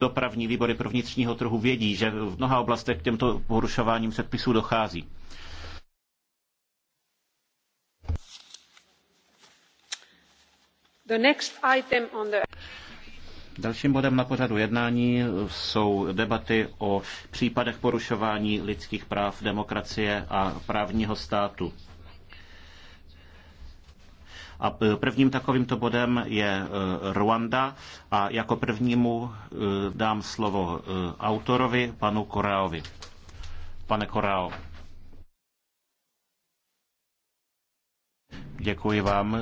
dopravní výbory pro vnitřního trhu vědí, že v mnoha oblastech k těmto porušováním předpisů dochází. The next item on the... Dalším bodem na pořadu jednání jsou debaty o případech porušování lidských práv, demokracie a právního státu. A e, prvním takovýmto bodem je e, Ruanda a jako prvnímu e, dám slovo autorovi, panu Koreovi. Pane Koreo. Děkuji vám.